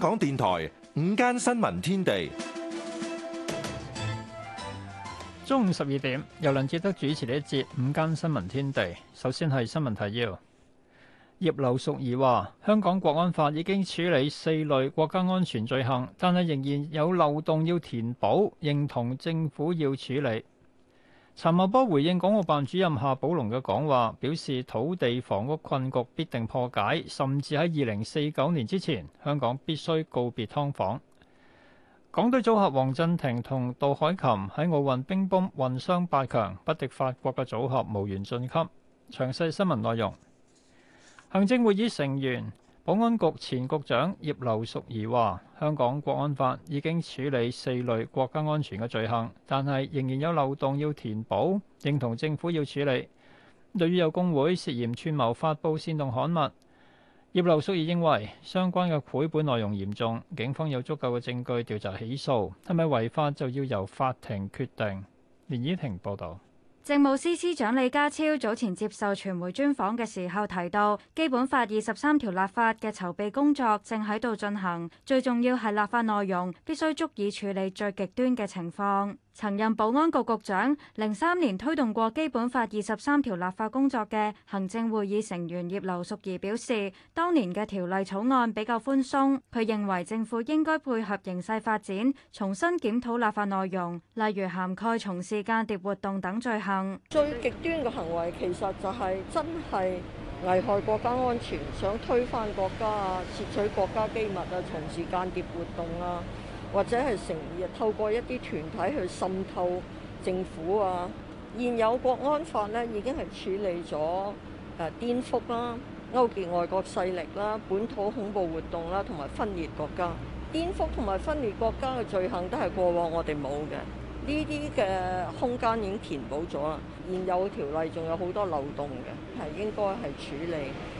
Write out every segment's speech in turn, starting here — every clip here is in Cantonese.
香港電台午間新聞天地，中午十二點由梁智德主持呢一節午間新聞天地。首先係新聞提要，葉劉淑儀話香港國安法已經處理四類國家安全罪行，但係仍然有漏洞要填補，認同政府要處理。陳茂波回應港澳辦主任夏寶龍嘅講話，表示土地房屋困局必定破解，甚至喺二零四九年之前，香港必須告別劏房。港隊組合黃鎮廷同杜凱琹喺奧運乒乓混雙八強不敵法國嘅組合，無緣晉級。詳細新聞內容，行政會議成員，保安局前局長葉劉淑儀話，香港國安法已經處理四類國家安全嘅罪行，但係仍然有漏洞要填補，認同政府要處理。對於有工會涉嫌串謀發佈煽動刊物，葉劉淑儀認為相關嘅繪本內容嚴重，警方有足夠嘅證據調查起訴，係咪違法就要由法庭決定。連依婷報道。政務司司長李家超早前接受傳媒專訪嘅時候提到，基本法二十三條立法嘅籌備工作正喺度進行，最重要係立法內容必須足以處理最極端嘅情況。曾任保安局局長，零三年推動過《基本法》二十三條立法工作嘅行政會議成員葉劉淑儀表示，當年嘅條例草案比較寬鬆，佢認為政府應該配合形勢發展，重新檢討立法內容，例如涵蓋從事間諜活動等罪行。最極端嘅行為其實就係真係危害國家安全，想推翻國家啊，竊取國家機密啊，從事間諜活動啊。或者係成日透過一啲團體去滲透政府啊，現有國安法呢已經係處理咗誒顛覆啦、勾結外國勢力啦、本土恐怖活動啦，同埋分裂國家。顛覆同埋分裂國家嘅罪行都係過往我哋冇嘅，呢啲嘅空間已經填補咗啦。現有條例仲有好多漏洞嘅，係應該係處理。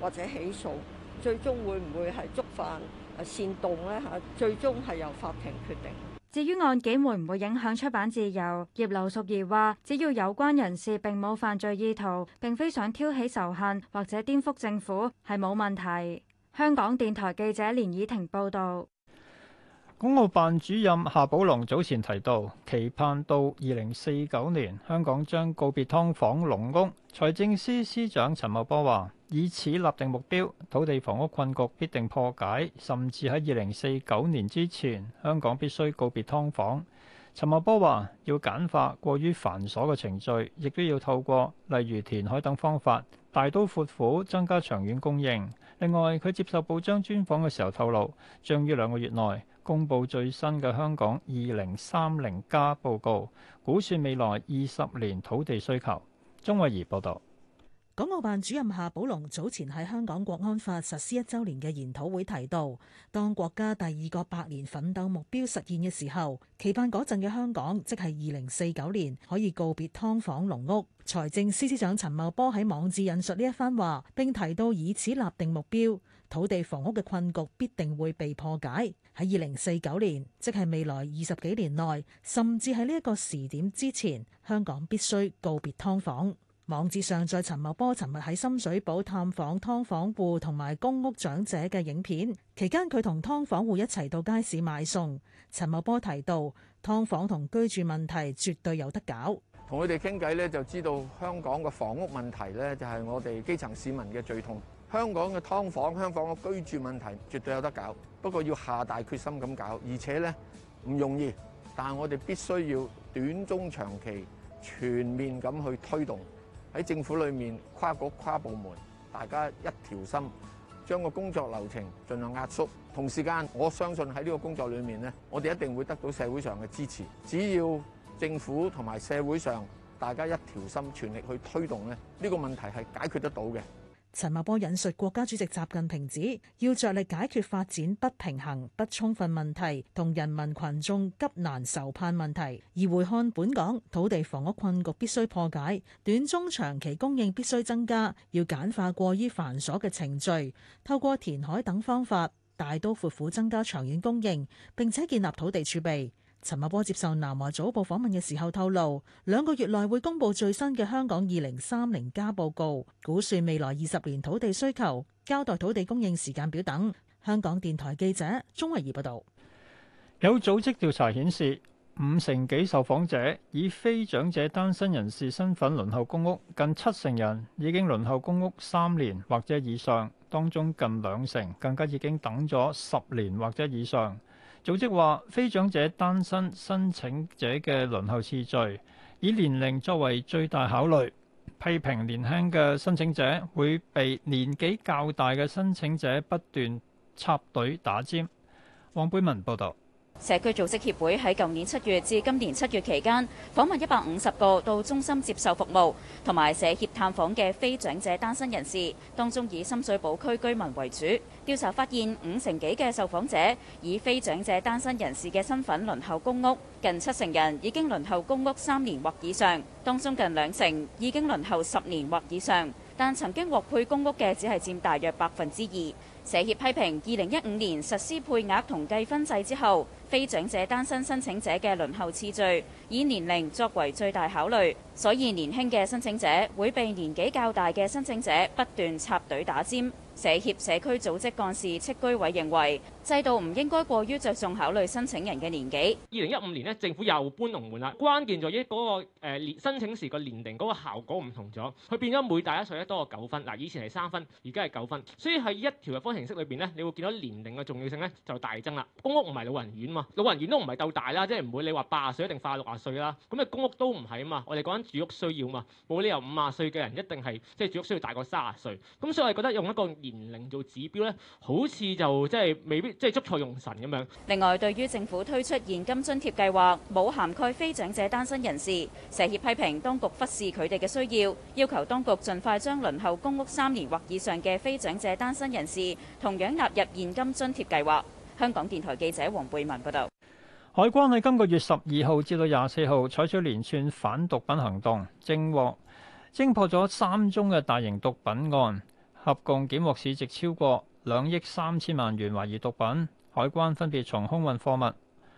或者起訴，最終會唔會係觸犯煽動呢？嚇，最終係由法庭決定。至於案件會唔會影響出版自由？葉劉淑儀話：只要有關人士並冇犯罪意圖，並非想挑起仇恨或者顛覆政府，係冇問題。香港電台記者連以婷報導。港澳辦主任夏寶龍早前提到，期盼到二零四九年香港將告別劏房、籠屋。財政司司長陳茂波話，以此立定目標，土地房屋困局必定破解，甚至喺二零四九年之前，香港必須告別劏房。陳茂波話，要簡化過於繁瑣嘅程序，亦都要透過例如填海等方法，大刀闊斧增加長遠供應。另外，佢接受報章專訪嘅時候透露，將於兩個月內。公布最新嘅香港二零三零加報告，估算未來二十年土地需求。鍾慧儀報道，港澳辦主任夏寶龍早前喺香港國安法實施一周年嘅研討會提到，當國家第二個百年奮鬥目標實現嘅時候，期盼嗰陣嘅香港即係二零四九年可以告別劏房、籠屋。財政司司長陳茂波喺網誌引述呢一番話，並提到以此立定目標，土地房屋嘅困局，必定會被破解。喺二零四九年，即係未來二十幾年內，甚至喺呢一個時點之前，香港必須告別劏房。網誌上載，陳茂波尋日喺深水埗探訪㓥房戶同埋公屋長者嘅影片，期間佢同劏房戶一齊到街市買餸。陳茂波提到，劏房同居住問題絕對有得搞。同佢哋，傾偈咧，就知道香港嘅房屋問題咧，就係我哋基層市民嘅最痛。香港嘅劏房、香港嘅居住問題絕對有得搞，不過要下大決心咁搞，而且咧唔容易，但係我哋必須要短、中、長期全面咁去推動，喺政府裏面跨局跨部門，大家一條心，將個工作流程盡量壓縮。同時間，我相信喺呢個工作裏面咧，我哋一定會得到社會上嘅支持。只要政府同埋社會上大家一條心，全力去推動咧，呢、呢個問題係解決得到嘅。陳茂波引述國家主席習近平指，要着力解決發展不平衡、不充分問題同人民群眾急難愁盼問題。而回看本港，土地房屋困局必須破解，短中長期供應必須增加，要簡化過於繁瑣嘅程序，透過填海等方法，大刀闊斧增加長遠供應，並且建立土地儲備。陳茂波接受南華早報訪問嘅時候透露，兩個月內會公布最新嘅香港二零三零加報告，估算未來二十年土地需求，交代土地供應時間表等。香港電台記者鍾慧儀報道。有組織調查顯示，五成幾受訪者以非長者單身人士身份輪候公屋，近七成人已經輪候公屋三年或者以上，當中近兩成更加已經等咗十年或者以上。組織話，非長者單身申請者嘅輪候次序，以年齡作為最大考慮，批評年輕嘅申請者會被年紀較大嘅申請者不斷插隊打尖。黃貝文報導。社區組織協會喺舊年七月至今年七月期間，訪問一百五十個到中心接受服務同埋社協探訪嘅非長者單身人士，當中以深水埗區居民為主。調查發現，五成幾嘅受訪者以非長者單身人士嘅身份輪候公屋，近七成人已經輪候公屋三年或以上，當中近兩成已經輪候十年或以上。但曾經獲配公屋嘅只係佔大約百分之二。社協批評，二零一五年實施配額同計分制之後，非長者單身申請者嘅輪候次序以年齡作為最大考慮，所以年輕嘅申請者會被年紀較大嘅申請者不斷插隊打尖。社協社區組織幹事戚居委認為。制度唔應該過於着重考慮申請人嘅年紀。二零一五年咧，政府又搬龍門啦。關鍵在於嗰、嗰個、呃、申請時嘅年齡嗰個效果唔同咗，佢變咗每大一歲咧多個九分。嗱，以前係三分，而家係九分。所以喺一條嘅方程式裏邊咧，你會見到年齡嘅重要性咧就大增啦。公屋唔係老人院嘛，老人院都唔係鬥大啦，即係唔會你話八十歲一定快六啊歲啦。咁啊，公屋都唔係啊嘛，我哋講緊住屋需要啊嘛，冇理由五啊歲嘅人一定係即係住屋需要大過卅啊歲。咁所以我係覺得用一個年齡做指標咧，好似就即係未必。即係捉錯用神咁樣。另外，對於政府推出現金津貼計劃，冇涵蓋非長者單身人士，社協批評當局忽視佢哋嘅需要，要求當局盡快將輪候公屋三年或以上嘅非長者單身人士同樣納入現金津貼計劃。香港電台記者黃貝文報道。海關喺今個月十二號至到廿四號採取連串反毒品行動，偵獲、偵破咗三宗嘅大型毒品案，合共檢獲市值超過。兩億三千萬元懷疑毒品，海關分別從空運貨物、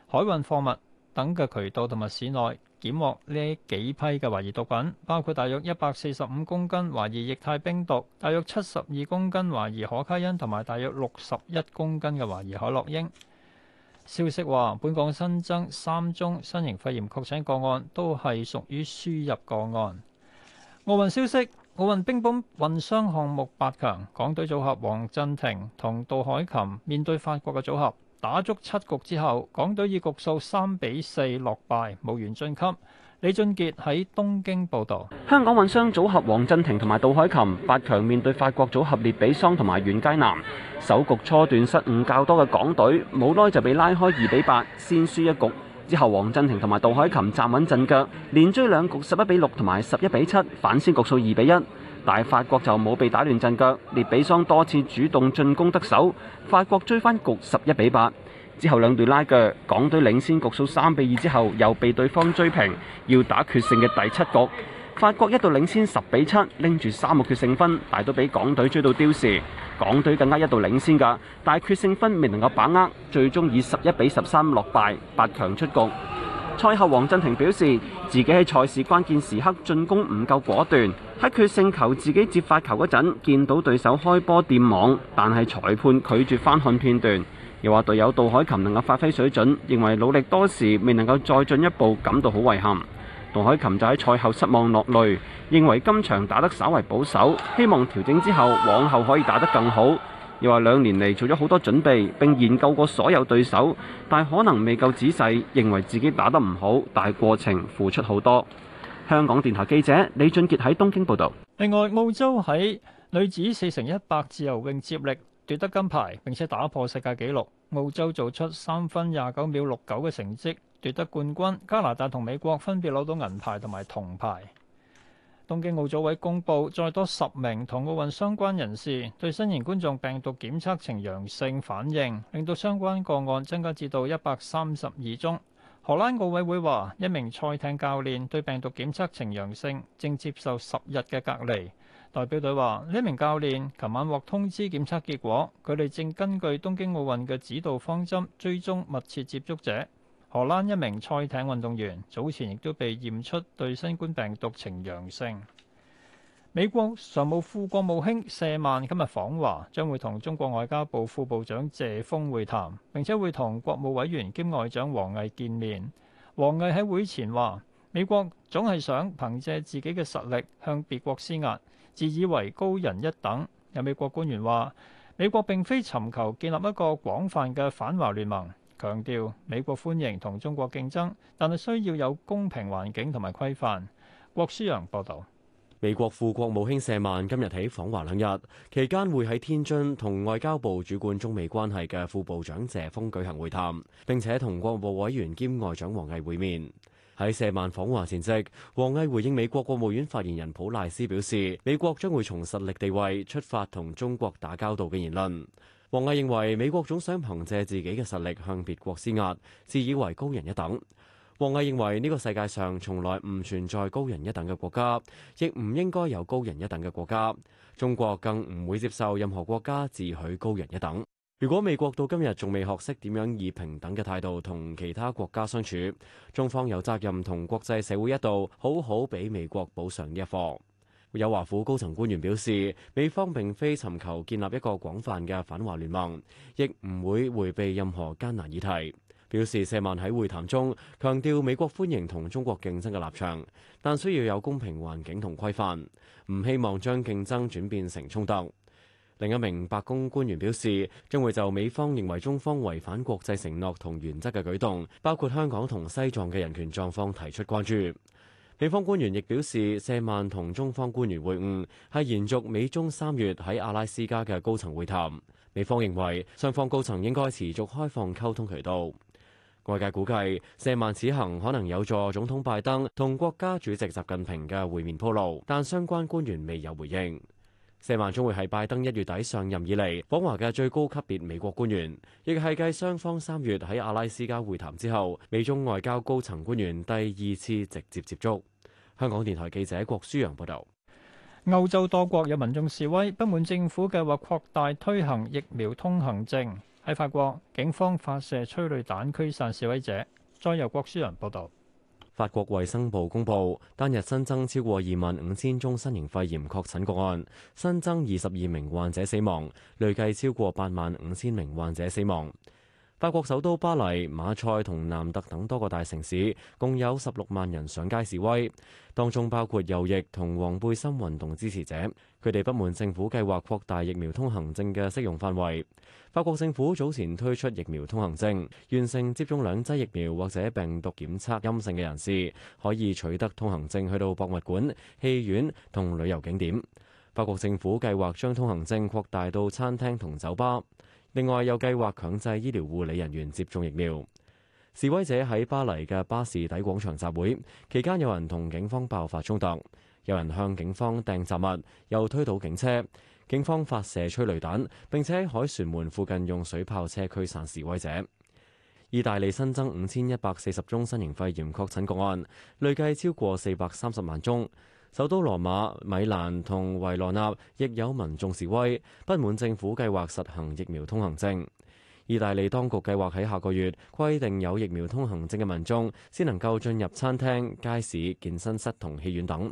海運貨物等嘅渠道同埋市內檢獲呢幾批嘅懷疑毒品，包括大約一百四十五公斤懷疑液態冰毒、大約七十二公斤懷疑可卡因同埋大約六十一公斤嘅懷疑海洛英。消息話，本港新增三宗新型肺炎確診個案，都係屬於輸入個案。奧運消息。奧運乒乓混雙項目八強，港隊組合黃鎮廷同杜凱琹面對法國嘅組合，打足七局之後，港隊以局數三比四落敗，無緣晉級。李俊杰喺東京報道，香港混雙組合黃鎮廷同埋杜凱琹八強面對法國組合列比桑同埋袁嘉楠，首局初段失誤較多嘅港隊，冇耐就被拉開二比八，先輸一局。之後，黃鎮廷同埋杜凱琹站穩陣腳，連追兩局十一比六同埋十一比七，反先局數二比一。但係法國就冇被打亂陣腳，列比桑多次主動進攻得手，法國追返局十一比八。之後兩隊拉鋸，港隊領先局數三比二之後，又被對方追平，要打決勝嘅第七局。法國一度領先十比七，拎住三個決勝分，但都俾港隊追到丟時。港隊更加一度領先噶，但係決勝分未能夠把握，最終以十一比十三落敗，八強出局。賽後王振庭表示，自己喺賽事關鍵時刻進攻唔夠果斷，喺決勝球自己接發球嗰陣見到對手開波掂網，但係裁判拒絕翻看片段，又話隊友杜海琴能夠發揮水準，認為努力多時未能夠再進一步，感到好遺憾。董海琴就喺賽後失望落淚，認為今場打得稍為保守，希望調整之後往後可以打得更好。又話兩年嚟做咗好多準備，並研究過所有對手，但係可能未夠仔細，認為自己打得唔好，但係過程付出好多。香港電台記者李俊傑喺東京報導。另外，澳洲喺女子四乘一百自由泳接力奪得金牌，並且打破世界紀錄。澳洲做出三分廿九秒六九嘅成績。奪得冠軍，加拿大同美國分別攞到銀牌同埋銅牌。東京奧組委公布再多十名同奧運相關人士對新型冠狀病毒檢測呈陽性反應，令到相關個案增加至到一百三十二宗。荷蘭奧委會話，一名賽艇教練對病毒檢測呈陽性，正接受十日嘅隔離。代表隊話呢名教練琴晚獲通知檢測結果，佢哋正根據東京奧運嘅指導方針追蹤密切接觸者。荷蘭一名賽艇運動員早前亦都被驗出對新冠病毒呈陽性。美國常務副國務卿謝曼今日訪華，將會同中國外交部副部長謝峰會談，並且會同國務委員兼外長王毅見面。王毅喺會前話：美國總係想憑藉自己嘅實力向別國施壓，自以為高人一等。有美國官員話：美國並非尋求建立一個廣泛嘅反華聯盟。強調美國歡迎同中國競爭，但係需要有公平環境同埋規範。郭思洋報導，美國副國務卿舍曼今日起訪華兩日期間，會喺天津同外交部主管中美關係嘅副部長謝鋒舉行會談，並且同國務委員兼外長王毅會面。喺舍曼訪華前夕，王毅回應美國國務院發言人普賴斯表示，美國將會從實力地位出發同中國打交道嘅言論。王毅認為美國總想憑借自己嘅實力向別國施壓，自以為高人一等。王毅認為呢個世界上從來唔存在高人一等嘅國家，亦唔應該有高人一等嘅國家。中國更唔會接受任何國家自詡高人一等。如果美國到今日仲未學識點樣以平等嘅態度同其他國家相處，中方有責任同國際社會一道好好俾美國補上一課。有華府高層官員表示，美方並非尋求建立一個廣泛嘅反華聯盟，亦唔會迴避任何艱難議題。表示舍曼喺會談中強調，美國歡迎同中國競爭嘅立場，但需要有公平環境同規範，唔希望將競爭轉變成衝突。另一名白宮官員表示，將會就美方認為中方違反國際承諾同原則嘅舉動，包括香港同西藏嘅人權狀況提出關注。美方官員亦表示，謝曼同中方官員會晤係延續美中三月喺阿拉斯加嘅高層會談。美方認為雙方高層應該持續開放溝通渠道。外界估計謝曼此行可能有助總統拜登同國家主席習近平嘅會面鋪路，但相關官員未有回應。四萬中會係拜登一月底上任以嚟訪華嘅最高級別美國官員，亦係繼雙方三月喺阿拉斯加會談之後，美中外交高層官員第二次直接接觸。香港電台記者郭舒陽報道。歐洲多國有民眾示威，不滿政府計劃擴大推行疫苗通行證。喺法國，警方發射催淚彈驅散示威者。再由郭書陽報道。法國衛生部公布，單日新增超過二萬五千宗新型肺炎確診個案，新增二十二名患者死亡，累計超過八萬五千名患者死亡。法國首都巴黎、馬賽同南特等多個大城市，共有十六萬人上街示威，當中包括右翼同黃背心運動支持者。佢哋不滿政府計劃擴大疫苗通行證嘅適用範圍。法國政府早前推出疫苗通行證，完成接種兩劑疫苗或者病毒檢測陰性嘅人士，可以取得通行證去到博物館、戲院同旅遊景點。法國政府計劃將通行證擴大到餐廳同酒吧。另外有計劃強制醫療護理人員接種疫苗。示威者喺巴黎嘅巴士底廣場集會，期間有人同警方爆發衝突，有人向警方掟雜物，又推倒警車，警方發射催淚彈，並且喺凱旋門附近用水炮車驅散示威者。意大利新增五千一百四十宗新型肺炎確診個案，累計超過四百三十萬宗。首都羅馬、米蘭同維羅納亦有民眾示威，不滿政府計劃實行疫苗通行證。意大利當局計劃喺下個月規定有疫苗通行證嘅民眾先能夠進入餐廳、街市、健身室同戲院等。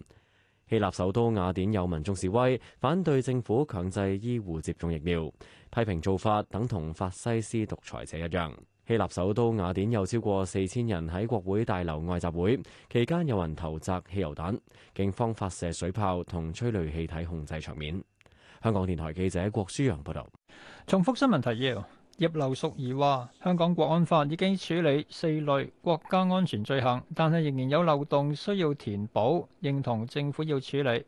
希臘首都雅典有民眾示威，反對政府強制醫護接種疫苗，批評做法等同法西斯獨裁者一樣。希臘首都雅典有超過四千人喺國會大樓外集會，期間有人投擲汽油彈，警方發射水炮同催淚氣體控制場面。香港電台記者郭舒揚報導。重複新聞提要，葉劉淑儀話：香港國安法已經處理四類國家安全罪行，但係仍然有漏洞需要填補，認同政府要處理。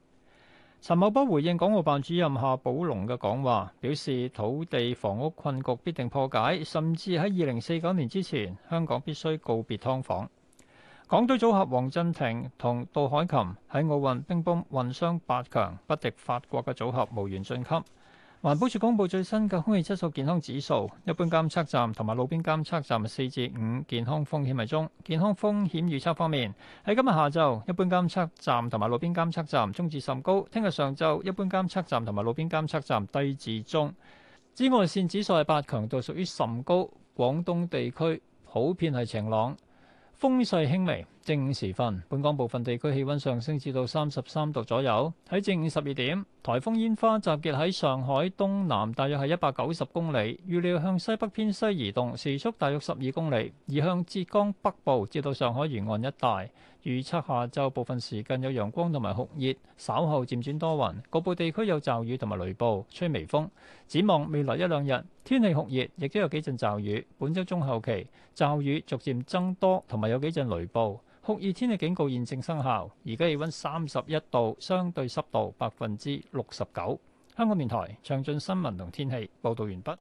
陳茂波回應港澳辦主任夏寶龍嘅講話，表示土地房屋困局必定破解，甚至喺二零四九年之前，香港必須告別劏房。港隊組合黃鎮廷同杜海琴喺奧運乒乓混雙八強不敵法國嘅組合，無緣晉級。環保署公布最新嘅空氣質素健康指數，一般監測站同埋路邊監測站四至五，健康風險係中。健康風險預測方面，喺今日下晝，一般監測站同埋路邊監測站中至甚高；聽日上晝，一般監測站同埋路邊監測站低至中。紫外線指數係八，強度屬於甚高。廣東地區普遍係晴朗，風勢輕微。正午時分，本港部分地區氣温上升至到三十三度左右。喺正午十二點，颱風煙花集結喺上海東南，大約係一百九十公里，預料向西北偏西移動，時速大約十二公里，移向浙江北部至到上海沿岸一帶。預測下晝部分時間有陽光同埋酷熱，稍後漸轉多雲。局部地區有驟雨同埋雷暴，吹微風。展望未來一兩日，天氣酷熱，亦都有幾陣驟雨。本週中後期，驟雨逐漸增多，同埋有幾陣雷暴。酷熱天氣警告現正生效，而家氣温三十一度，相對濕度百分之六十九。香港電台詳盡新聞同天氣報導完畢。